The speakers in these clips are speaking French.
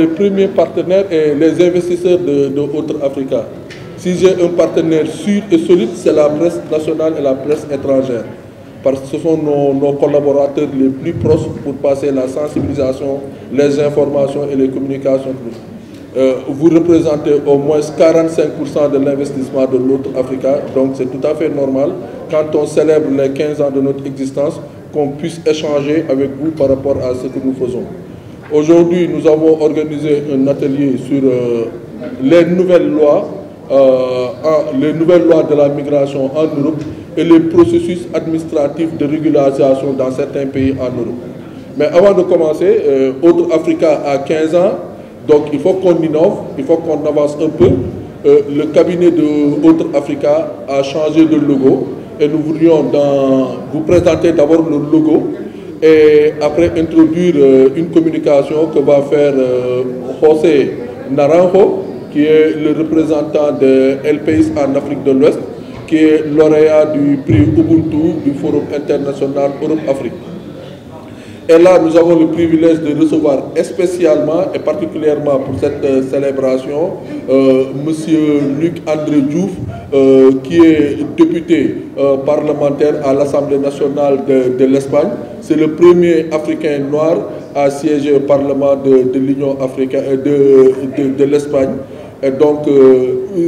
les premiers partenaires et les investisseurs de, de Outre Africa. Si j'ai un partenaire sûr et solide, c'est la presse nationale et la presse étrangère. Parce que ce sont nos, collaborateurs les plus proches pour passer la sensibilisation, les informations et les communications. Euh, vous représentez au moins 45% de l'investissement de l'autre Africa, donc c'est tout à fait normal, quand on célèbre les 15 ans de notre existence, qu'on puisse échanger avec vous par rapport à ce que nous faisons. Aujourd'hui, nous avons organisé un atelier sur euh, les nouvelles lois, euh, les nouvelles lois de la migration en Europe et les processus administratifs de régularisation dans certains pays en Europe. Mais avant de commencer, euh, Autre Africa a 15 ans, donc il faut qu'on innove, il faut qu'on avance un peu. Euh, le cabinet de Autre Africa a changé de logo et nous voulions vous présenter d'abord le logo et après introduire euh, une communication que va faire euh, José Naranjo, qui est le représentant de LPIS en Afrique de l'Ouest, qui est lauréat du prix Ubuntu du Forum international Europe-Afrique. Et là, nous avons le privilège de recevoir spécialement et particulièrement pour cette euh, célébration euh, Monsieur Luc André Diouf, euh, qui est député euh, parlementaire à l'Assemblée nationale de, l'Espagne. C'est le premier Africain noir à siéger au Parlement de, l'Union africaine de, de l'Espagne. Et donc,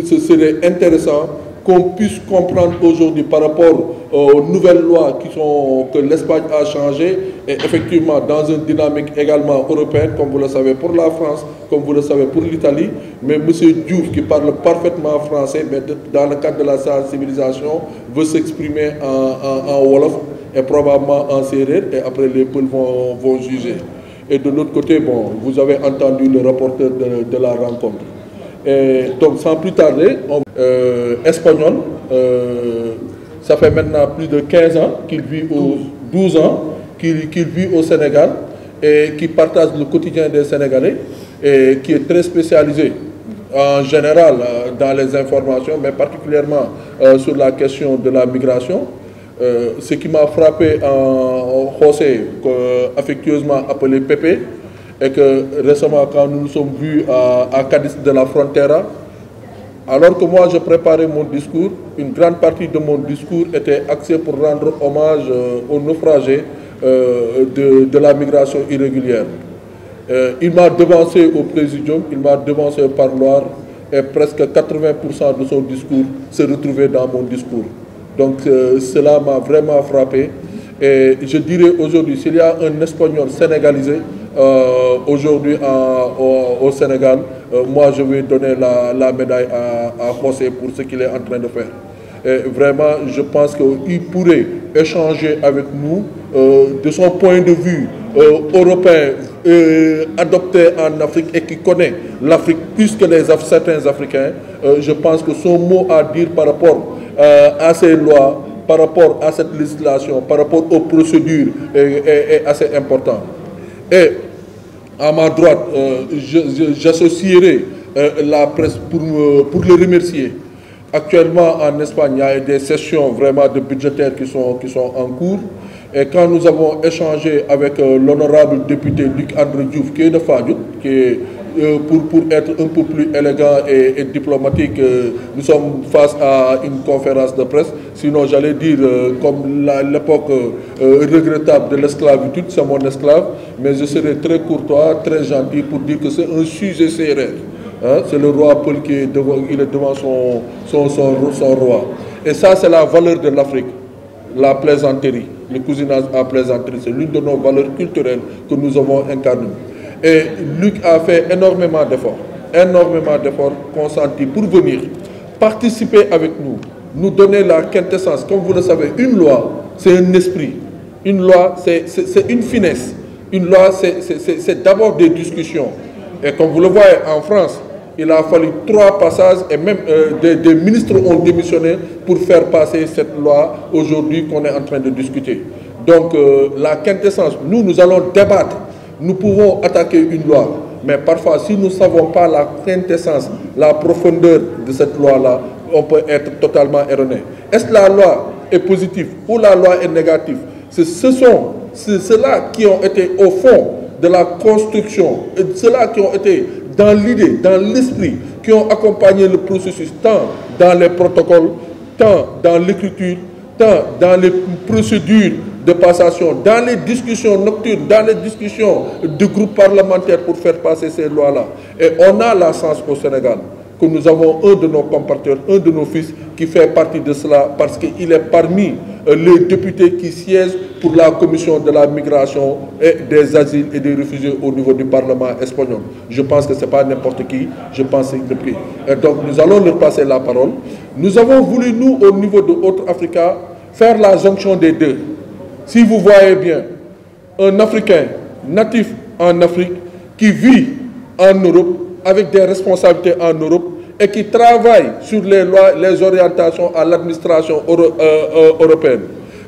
ce serait intéressant qu'on puisse comprendre aujourd'hui par rapport euh, aux nouvelles lois qui sont, que l'Espagne a changées, et effectivement dans une dynamique également européenne, comme vous le savez pour la France, comme vous le savez pour l'Italie, mais M. Diouf, qui parle parfaitement français, mais dans le cadre de la civilisation, veut s'exprimer en, Wolof et probablement en Sérère, et après les peuples vont, juger. Et de l'autre côté, bon, vous avez entendu le rapporteur de la rencontre. Et donc sans plus tarder, on... Euh, espagnol, euh, ça fait maintenant plus de 15 ans qu'il vit au 12 ans qu'il vit au Sénégal et qui partage le quotidien des Sénégalais et qui est très spécialisé en général euh, dans les informations, mais particulièrement sur la question de la migration. ce qui m'a frappé en José, affectueusement appelé Pépé, et que récemment, quand nous nous sommes vus à, à Cadiz de la Frontera, alors que moi je préparais mon discours, une grande partie de mon discours était axée pour rendre hommage euh, aux naufragés euh, de, la migration irrégulière. Euh, il m'a devancé au présidium, il m'a devancé par Loire et presque 80% de son discours s'est retrouvé dans mon discours. Donc cela m'a vraiment frappé et je dirais aujourd'hui, s'il y a un Espagnol sénégalisé, euh, aujourd'hui, au, au, Sénégal, euh, moi, je vais donner la, médaille à, à, pour ce qu'il est en train de faire. vraiment, je pense qu'il pourrait échanger avec nous euh, de son point de vue européen, adopté en Afrique et qui connaît l'Afrique plus que les, certains Africains. je pense que son mot à dire par rapport à ces lois, par rapport à cette législation, par rapport aux procédures est, est assez important. Et à ma droite, euh, j'associerai euh, la presse pour, euh, pour le remercier. Actuellement, en Espagne, il y a des sessions vraiment de budgétaires qui sont, qui sont en cours. Et quand nous avons échangé avec l'honorable député Luc André Diouf, qui est de Fadjou, qui euh, pour, être un peu plus élégant et, diplomatique, euh, nous sommes face à une conférence de presse. Sinon, j'allais dire, euh, comme l'époque regrettable de l'esclavitude, c'est mon esclave, mais je serai très courtois, très gentil pour dire que c'est un sujet sérieux hein. C'est le roi Paul qui est devant, il est devant son, son, son roi. Et ça, c'est la valeur de l'Afrique, la plaisanterie, le cousinage à plaisanterie. C'est l'une de nos valeurs culturelles que nous avons incarnées. Et Luc a fait énormément d'efforts, énormément d'efforts consentis pour venir participer avec nous, nous donner la quintessence. Comme vous le savez, une loi, c'est un esprit. Une loi, c'est une finesse. Une loi, c'est d'abord des discussions. Et comme vous le voyez en France, il a fallu trois passages et même euh, des, ministres ont démissionné pour faire passer cette loi aujourd'hui qu'on est en train de discuter. Donc euh, la quintessence, nous, nous allons débattre nous pouvons attaquer une loi, mais parfois, si nous ne savons pas la quintessence, la profondeur de cette loi-là, on peut être totalement erroné. Est-ce que la loi est positive ou la loi est négative Ce sont ceux-là qui ont été au fond de la construction, ceux-là qui ont été dans l'idée, dans l'esprit, qui ont accompagné le processus, tant dans les protocoles, tant dans l'écriture, tant dans les procédures de passation, dans les discussions nocturnes, dans les discussions du groupe parlementaire pour faire passer ces lois-là. Et on a la chance au Sénégal que nous avons un de nos compatriotes, un de nos fils qui fait partie de cela parce qu'il est parmi euh, les députés qui siègent pour la commission de la migration et des asiles et des réfugiés au niveau du Parlement espagnol. Je pense que ce n'est pas n'importe qui, je pense que c'est Et donc nous allons leur passer la parole. Nous avons voulu, nous, au niveau de Haute Africa, faire la jonction des deux. Si vous voyez bien, un Africain natif en Afrique qui vit en Europe avec des responsabilités en Europe et qui travaille sur les lois, les orientations à l'administration euh, euh, européenne.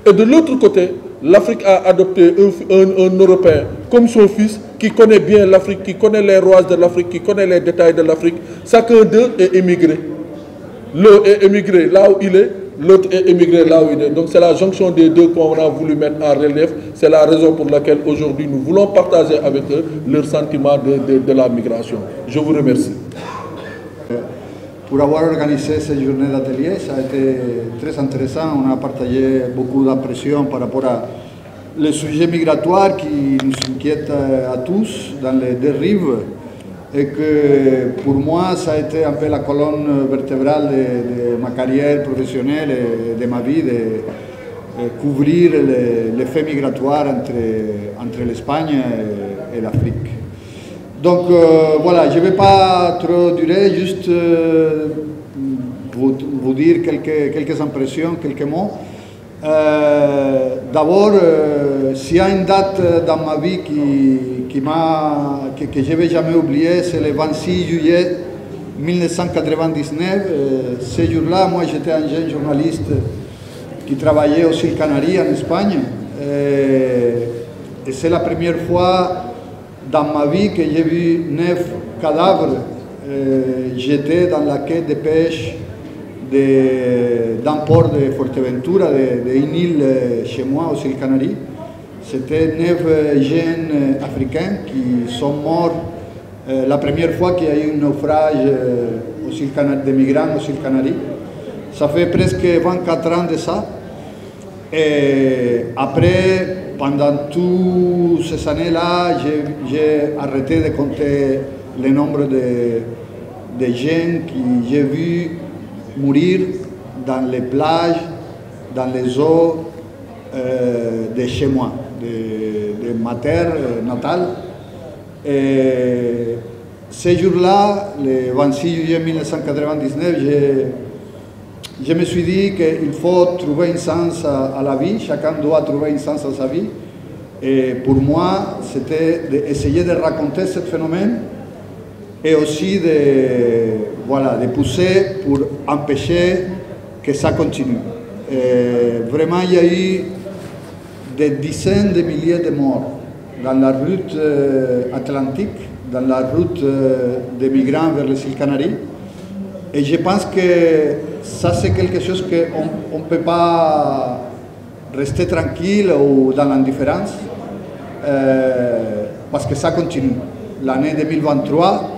Et de l'autre côté, l'Afrique a adopté un, Européen comme son fils qui connaît bien l'Afrique, qui connaît les rois de l'Afrique, qui connaît les détails de l'Afrique. Chacun d'eux est émigré. L'eau est émigré là où il est, l'autre est émigré là où il est. Donc c'est la jonction des deux qu'on a voulu mettre en relief. C'est la raison pour laquelle aujourd'hui nous voulons partager avec eux leur sentiment de, la migration. Je vous remercie. Pour avoir organisé cette journée d'atelier, ça a été très intéressant. On a partagé beaucoup d'impressions par rapport à le sujet migratoire qui nous inquiète euh, à tous dans les dérives et que pour moi, ça a été un peu la colonne vertébrale de, ma carrière professionnelle et de ma vie, de, couvrir l'effet migratoire entre, entre l'Espagne et, l'Afrique. Donc euh, voilà, je ne vais pas trop durer, juste euh, vous, dire quelques, quelques impressions, quelques mots. Euh, d'abord, s'il y a une date dans ma vie qui, m'a, que, je ne vais jamais oublier, c'est le 26 juillet 1999. Euh, ce jour-là, moi j'étais un jeune journaliste qui travaillait aux îles Canaries en Espagne. Euh, et, c'est la première fois dans ma vie que j'ai vu neuf cadavres euh, jetés dans la quête de pêche d'un port de Fuerteventura, d'une île euh, chez moi aux îles Canaries. C'était neuf euh, jeunes euh, africains qui sont morts euh, la première fois qu'il y a eu un naufrage euh, des migrants aux îles Canaries. Ça fait presque 24 ans de ça. Et après, pendant toutes ces années-là, j'ai arrêté de compter le nombre de, jeunes gens que j'ai vu mourir dans les plages, dans les eaux de chez moi de, de ma terre eh, natale. Et eh, ce jour-là, le 26 juillet 1999, je, je me suis dit qu'il faut trouver un sens à, la vie, chacun doit trouver un sens à sa vie. Et pour moi, c'était d'essayer de raconter ce phénomène et aussi de, voilà, de pousser pour empêcher que ça continue. Eh, vraiment, il y a eu des dizaines de milliers de morts dans la route euh, atlantique, dans la route euh, des migrants vers les îles Canaries. Et je pense que ça, c'est quelque chose qu'on ne peut pas rester tranquille ou dans l'indifférence, euh, parce que ça continue. L'année 2023,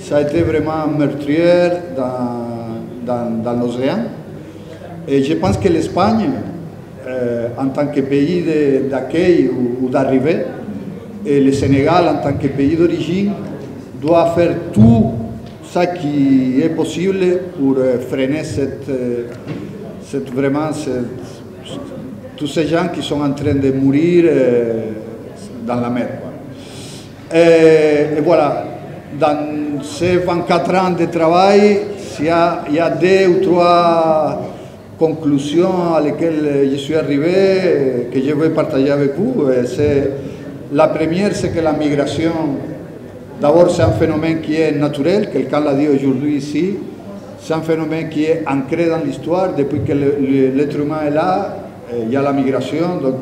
ça a été vraiment meurtrière dans, dans, dans l'océan. Et je pense que l'Espagne, eh, en tant que pays d'accueil ou, d'arrivée. Et eh, le Sénégal, en tant que pays d'origine, doit faire tout ce qui est possible pour eh, freiner cette, cette vraiment tous ces gens qui sont en train de mourir dans la mer. Et, voilà, dans ces 24 ans de travail, il y il y a deux ou trois conclusión la que je suis arrivé, que je veux partager avec vous, la primera c'est que la migración d'abord c'est un phénomène natural, que el can l'a dit aujourd'hui ici, c'est un phénomène qui est ancré dans l'histoire, depuis que l'être humain est là, il y a eh, la migración, donc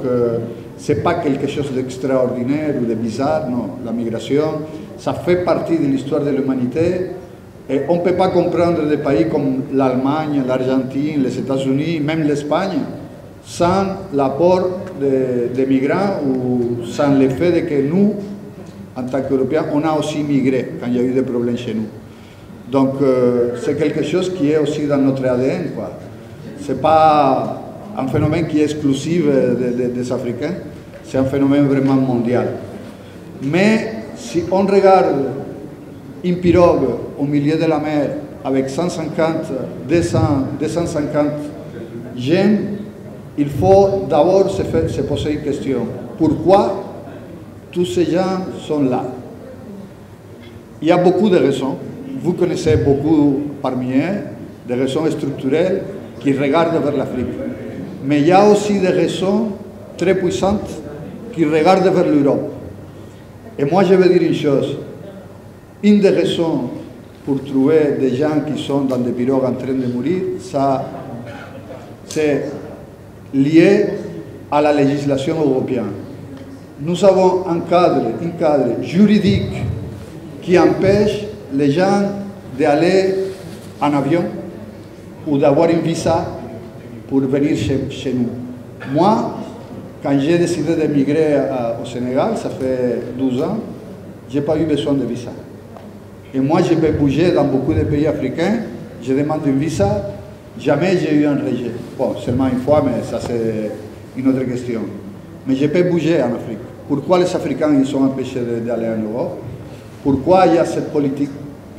c'est eh, pas quelque chose d'extraordinaire ou de bizarre, no, la migración ça fait partie de l'histoire de l'humanité, Et eh, on ne peut pas comprendre des pays comme l'Allemagne, l'Argentine, les États-Unis, même l'Espagne, sans l'apport des de migrants ou sans le fait de que nous, en tant qu'Européens, on a aussi migré quand il y a eu des problèmes chez nous. Donc euh, c'est quelque chose qui est aussi dans notre ADN. Ce n'est pas un phénomène qui est exclusif euh, de, des Africains, c'est un phénomène vraiment mondial. Mais si on regarde une pirogue au milieu de la mer avec 150, 200, 250 jeunes, il faut d'abord se, se, poser une question. Pourquoi tous ces gens sont là Il y a beaucoup de raisons. Vous connaissez beaucoup parmi elles, des raisons structurelles qui regardent vers l'Afrique. Mais il y a aussi des raisons très puissantes qui regardent vers l'Europe. Et moi, je vais dire une chose. Une des raisons pour trouver des gens qui sont dans des pirogues en train de mourir, ça, c'est lié à la législation européenne. Nous avons un cadre, cadre juridique qui empêche les gens d'aller en avion ou d'avoir une visa pour venir chez, chez nous. Moi, quand j'ai décidé d'émigrer euh, au Sénégal, ça fait 12 ans, je n'ai pas eu besoin de visa. Et moi, je peux bouger dans beaucoup de pays africains, je demande une visa, jamais j'ai eu un rejet. Bon, seulement une fois, mais ça c'est une autre question. Mais je peux bouger en Afrique. Pourquoi les Africains ils sont empêchés d'aller en Europe Pourquoi il y a cette politique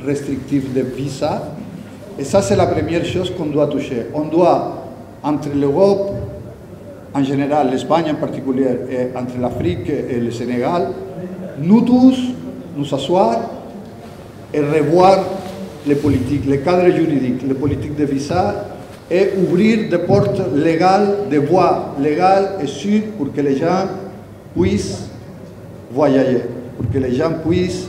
restrictive de visa Et ça, c'est la première chose qu'on doit toucher. On doit, entre l'Europe en général, l'Espagne en particulier, et entre l'Afrique et le Sénégal, nous tous, nous asseoir et revoir les politiques, les cadres juridiques, les politiques de visa et ouvrir des portes légales, des voies légales et sûres pour que les gens puissent voyager, pour que les gens puissent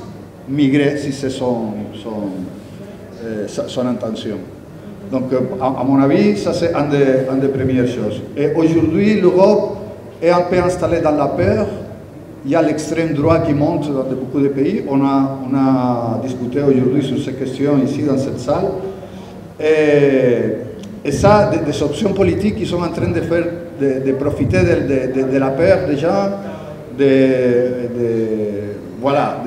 migrer si c'est son, son, intention. Eh, Donc, à, eh, mon avis, ça c'est une des premières choses. Et aujourd'hui, l'Europe est un peu installée dans la peur, il y a l'extrême droit qui monte dans beaucoup de pays. On a, on a discuté aujourd'hui sur ces questions ici dans cette salle. Et, et ça, des, options politiques qui sont en train de, faire, de, profiter de, la peur des gens. De, voilà,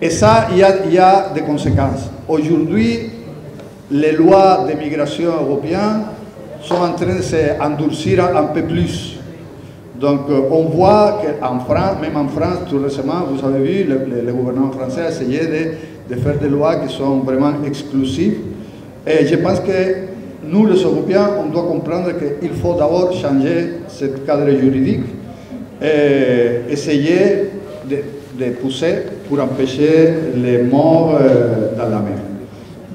et ça, il y, a, il y a des conséquences. Aujourd'hui, les lois de migration européennes sont en train de s'endurcir un peu plus. Donc euh, on voit qu'en France, même en France, tout récemment, vous avez vu, le, gouvernement français a essayé de, faire des lois qui sont vraiment exclusives. Et je pense que nous, les Européens, on doit comprendre qu'il faut d'abord changer ce cadre juridique et essayer de, pousser pour empêcher les morts euh, dans la mer.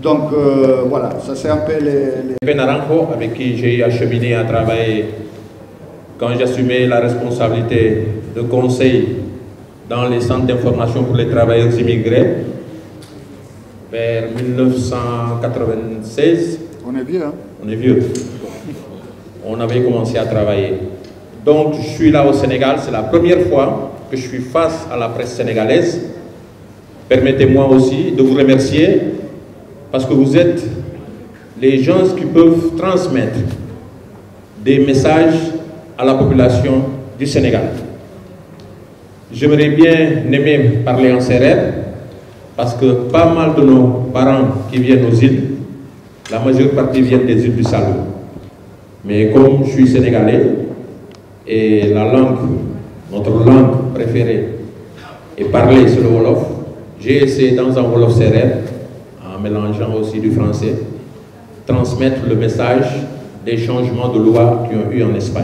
Donc euh, voilà, ça c'est un peu les... avec qui j'ai acheminé à travailler quand j'assumais la responsabilité de conseil dans les centres d'information pour les travailleurs immigrés, vers 1996. On est vieux, hein. On est vieux. On avait commencé à travailler. Donc, je suis là au Sénégal, c'est la première fois que je suis face à la presse sénégalaise. Permettez-moi aussi de vous remercier parce que vous êtes les gens qui peuvent transmettre des messages la population du Sénégal. J'aimerais bien aimer parler en sérère, parce que pas mal de nos parents qui viennent aux îles, la majeure partie viennent des îles du Salou. Mais comme je suis sénégalais et la langue, notre langue préférée est parlée sur le Wolof, j'ai essayé dans un Wolof sérère, en mélangeant aussi du français, transmettre le message des changements de loi qui ont eu en Espagne.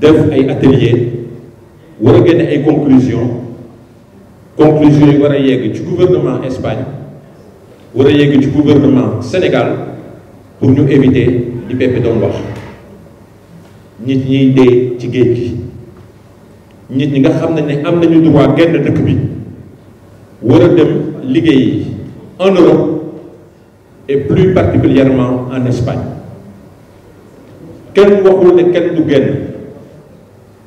def ay atelier war a génne ay conclusion conclusion yi war a yegg ci gouvernement Espagne war a yegg ci gouvernement Sénégal pour ñu éviter li Pepe doon wax nit ñi dee ci géej gi nit ñi nga xam ne ne am nañu droit genn dëkk bi war a dem liggéey en Europe et plus particulièrement en Espagne kenn waxul ne kenn du genn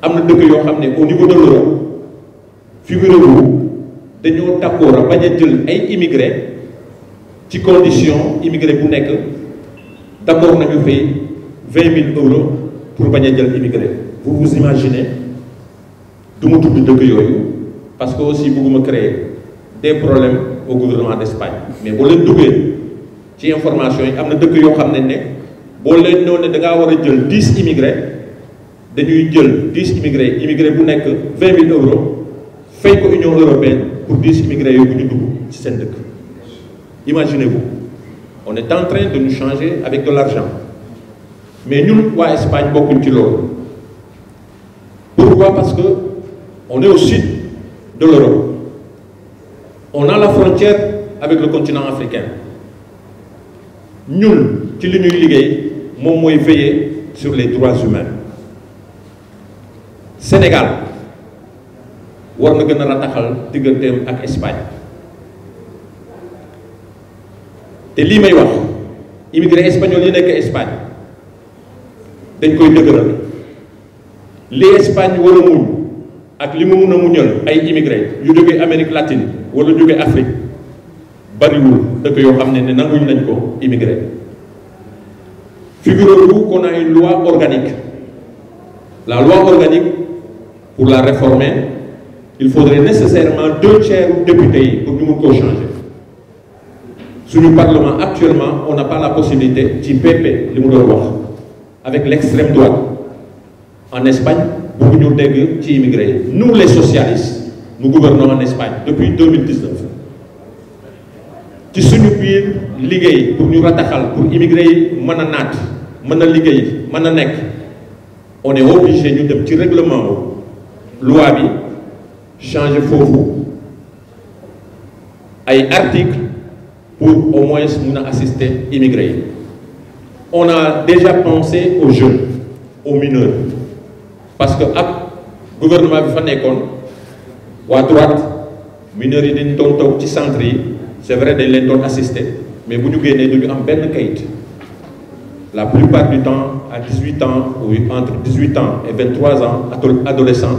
am na dëkk yoo xam ne au niveau de l'euro, figurez-vous dañoo d'accord a bañ a jël ay immigré ci condition immigré bu nekk d'accord nañu fay vingt mille euros pour bañ a jël immigré vous vous imaginez du ma tudd dëkk yooyu parce que aussi bëgguma créer des problèmes au gouvernement d'Espagne mais boo leen duggee ci information yi am na dëkk yoo xam ne ne boo leen ñëw ne da ngaa war a jël dix immigrés dañuy jël 10 immigrés vous' bu que 20 000 euros fait pour l'Union européenne pour 10 immigrés yooyu ñu dugg ci imaginez-vous on est en train de nous changer avec de l'argent mais ñun waa Espagne beaucoup ci loolu pourquoi parce que on est au sud de l'Europe on a la frontière avec le continent africain ñun ci li ñuy liggéey moom veiller sur les droits humains Sénégal war na gën a rataxal digganteem ak Espagne te lii may wax immigré espagnol yi nekk Espagne dañ koy dëgëral li Espagne war a muñ ak li mu mun a muñal ay immigré yu jógee Amérique latine wala jóge Afrique bariwul dëkk yoo xam ne ne nanguñ nañ ko immigré figurez-vous qu'on a une loi organique la loi organique pour la réformer il faudrait nécessairement deux tiers députés pour nous nous changer. changer le parlement actuellement on n'a pas la possibilité de péper les mu avec l'extrême droite en Espagne beaucoup nous ci qui nous les socialistes nous gouvernons en Espagne depuis 2019 Si nous pouvons pour nous rattacher, pour immigrer nous on est obligé de petits règlements. règlement loi bi changer vous article pour au moins assister immigré on a déjà pensé aux jeunes aux mineurs parce que le gouvernement bi fa à droite mineurs yi dañ ton centre c'est vrai dañ les ont mais vous nous génnee duñu am la plupart du temps à 18 ans entre 18 ans et 23 ans adolescents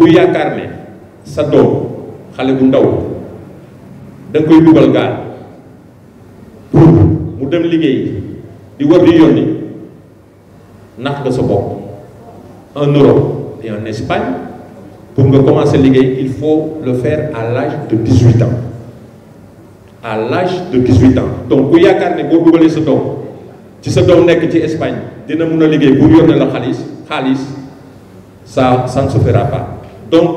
ku yaakaar ne sa doom xale bu ndaw da nga koy dugal gaal pour mu dem liggéey di war di yónni nax nga sa bopp en Europe et en Espagne pour nga commencer liggéey il faut le faire à l'âge de 18 ans à l'âge de 18 ans donc ku yaakaar ne boo dugalee sa doom ci sa doom nekk ci Espagne dina mun a liggéey bu yónnee la xaalis xaalis ça ça ne se fera pas donc,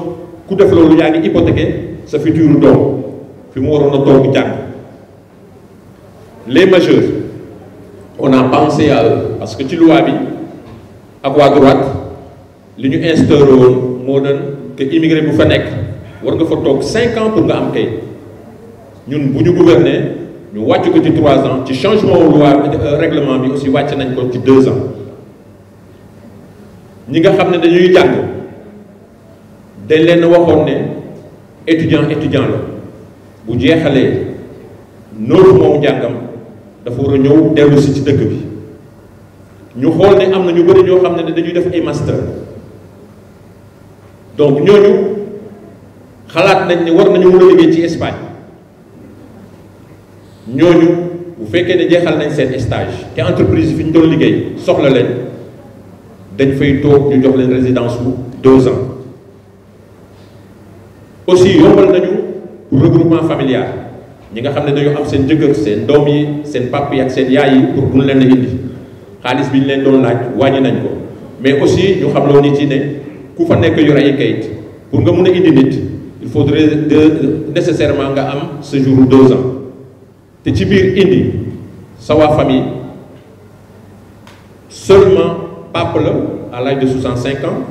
le coup de flot, c'est y a hypothéqué ce futur le Puis, les majeurs, on a pensé à eux, parce que tu l'ouabi, à quoi droite, l'union instaure au monde que immigré Boufanek, on a fait 50 ans pour l'amener. Nous, nous, nous gouverner, nous avons 3 ans, tu changement de loi, de euh, règlement, mais aussi, tu as 2 ans. Nous avons fait des gens dañ leen waxoon ne étudiant étudiant bu jeexalee moom dafa war a ñëw dellu ci dëkk bi ñu xool ne master donc nous, xalaat nañ ne war nañu mën liggéey ci Espagne ñooñu bu fekkee ne jeexal nañ seen stage entreprise fi ñu liggéey soxla leen dañ fay toog ñu jox résidence bu deux ans aussi yombal nañu regroupement familial ñi nga xam ne dañu am seen jëkkër seen doom yi seen papa yi ak seen yaay yi pour buñ leen indi xaalis bi ñu leen doon laaj wàññi nañ ko mais aussi ñu xam loo nit yi ne ku fa nekk yor ay kayit pour nga mun a indi nit il faudrait de nécessairement nga am séjour deux ans te ci biir indi sa waa famille seulement papa la à l'âge de 65 ans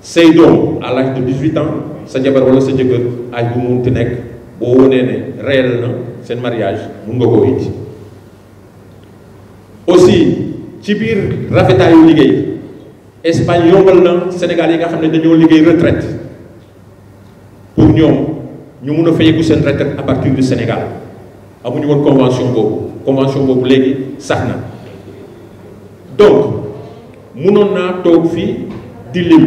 say doom à l'âge de 18 ans sa jabar wala sa jëkkër âge bu munti nekk boo wonee ne réel na seen mariage mun nga koo indi aussi ci biir rafetaayu liggéey Espagne yombal na Sénégal yi nga xam ne dañoo liggéey retraite pour ñoom ñu mun a fayeeku seen retraite à partir du Sénégal amuñu woon convention boobu convention boobu léegi sax na donc munoon naa toog fii di lim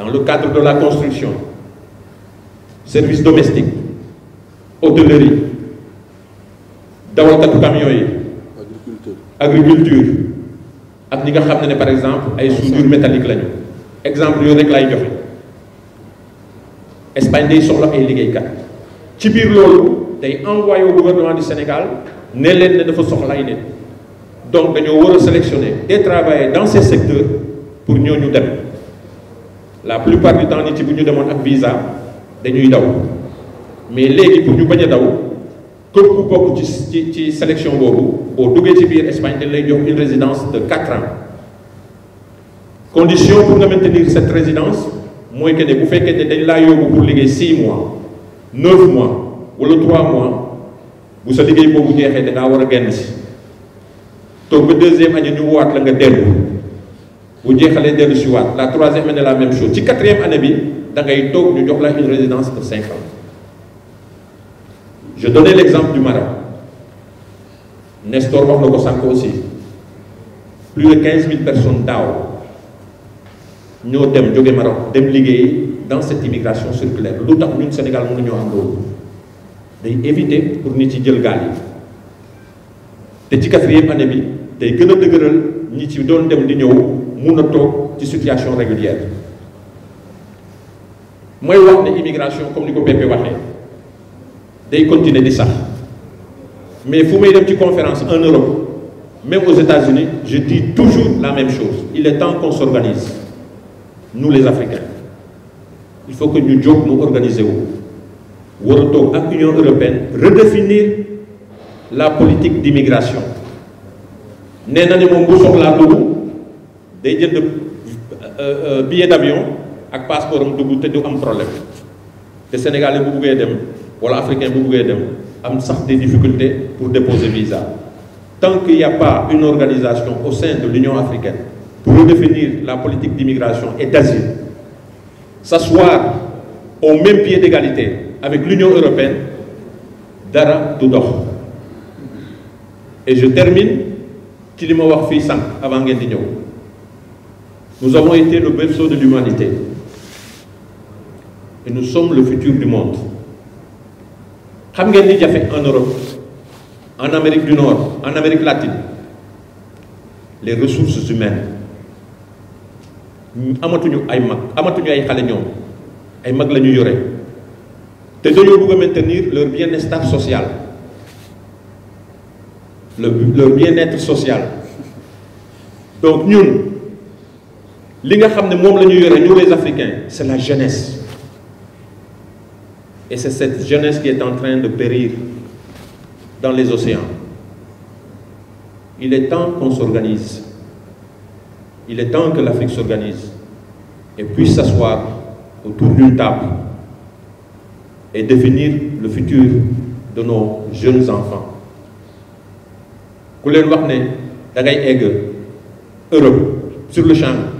dans le cadre de la construction, services domestiques, hôtellerie, agriculture agriculture par exemple ay soudures métallique exemple les rek laay joxe Espagne les soxla les liggéeykat ci envoyé au gouvernement du Sénégal ne ne dafa pas donc nous avons sélectionner et travailler dans ces secteurs pour nous donner. La plupart du temps, nous demandons un visa, nous Mais ce qui nous ont que pour beaucoup de sélection, au en Espagne, il y une résidence de 4 ans. Condition pour maintenir cette résidence, c'est que vous faites vous avez pour 6 mois, 9 mois ou 3 mois, vous avez pour vous dire que vous avez le deuxième année, nous avons la troisième année, la même chose. La quatrième année, vous a une résidence de 5 ans. Je donnais l'exemple du Maroc. Nestor Mohamed Sanko aussi. Plus de 15 000 personnes d'Ao. ont été dans cette immigration circulaire. Nous avons des Sénégal qui nous avons évité Éviter pour nous dire le Gali. Et si quatrième année, des gens qui nous avons une situation régulière moy wax ne immigration comme ni ko Beppe waxee day continuer di ça. mais vous may une ci conférence en Europe même aux États-Unis je dis toujours la même chose il est temps qu'on s'organise nous les Africains il faut que nous nous mu organiser wu une Union européenne redéfinir la politique d'immigration Nous, na ne bu la day jënd euh, euh, billet d'avion ak passeport am dugg te du am problème te sénégalais bu buggee dem wala des difficultés pour déposer visa tant qu'il n'y a pas une organisation au sein de l'Union africaine pour redéfinir la politique d'immigration et d'asile s'asseoir au même pied d'égalité avec l'Union européenne dara du et je termine qu'il de ma wax avant ngeen nous avons été le berceau de l'humanité. Et nous sommes le futur du monde. xam ngeen fait en Europe en Amérique du Nord en Amérique latine les ressources humaines amatuñu ay mag amatuñu ay xale Nous ay maintenir leur bien-être social leur bien-être social donc nous, les Africains c'est la jeunesse et c'est cette jeunesse qui est en train de périr dans les océans il est temps qu'on s'organise il est temps que l'Afrique s'organise et puisse s'asseoir autour d'une table et définir le futur de nos jeunes enfants ku Europe sur le champ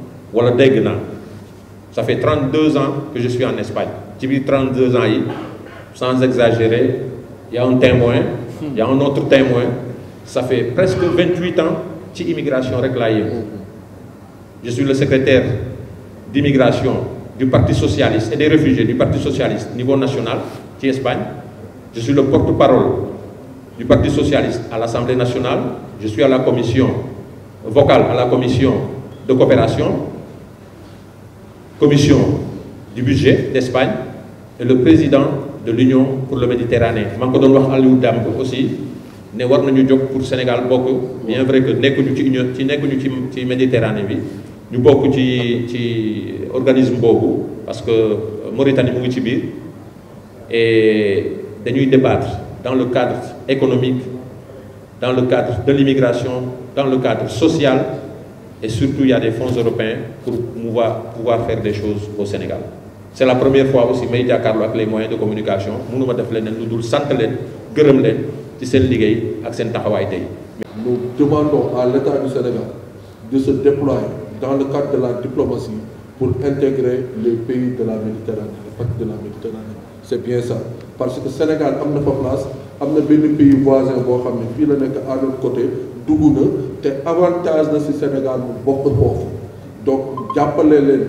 Voilà, Degna. ça fait 32 ans que je suis en Espagne tu 32 ans sans exagérer il y a un témoin il y a un autre témoin ça fait presque 28 ans que immigration est je suis le secrétaire d'immigration du Parti socialiste et des réfugiés du Parti socialiste niveau national est Espagne je suis le porte-parole du Parti socialiste à l'Assemblée nationale je suis à la commission vocale à la commission de coopération commission du budget d'Espagne et le président de l'Union pour le Méditerranée Je ngi ko wax Aliou Dam aussi ne war nañu pour pour Sénégal bokk bien vrai que nous sommes union ci ci ci Méditerranée bi ñu bokk ci parce que euh, Mauritanie un ngi ci biir et nous débattre dans le cadre économique dans le cadre de l'immigration dans le cadre social et surtout, il y a des fonds européens pour pouvoir, faire des choses au Sénégal. C'est la première fois aussi, mais il y a avec les moyens de communication. Nous devons faire nous demandons à l'État du Sénégal de se déployer dans le cadre de la diplomatie pour intégrer les pays de la Méditerranée, le de la Méditerranée. C'est bien ça. Parce que le Sénégal a une place, a un pays voisin qui est à l'autre côté, D'où té avantage na Sénégal donc j'appelle les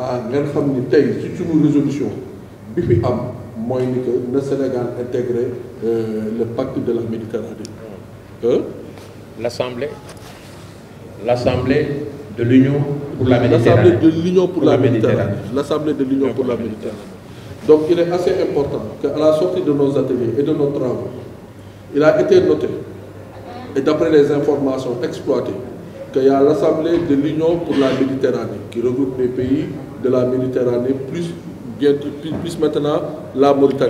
ah, nous à xam ni si résolution bi fi am moy ni que le Sénégal intégrer euh, le pacte de la Méditerranée. Hein? l'assemblée l'assemblée de l'union pour la Méditerranée l'assemblée de l'union pour la Méditerranée l'assemblée de l'union pour la Méditerranée donc il est assez important Qu'à la sortie de nos ateliers et de nos travaux il a été noté et d'après les informations exploitées, qu'il y a l'Assemblée de l'Union pour la Méditerranée, qui regroupe les pays de la Méditerranée, plus, plus maintenant la Mauritanie.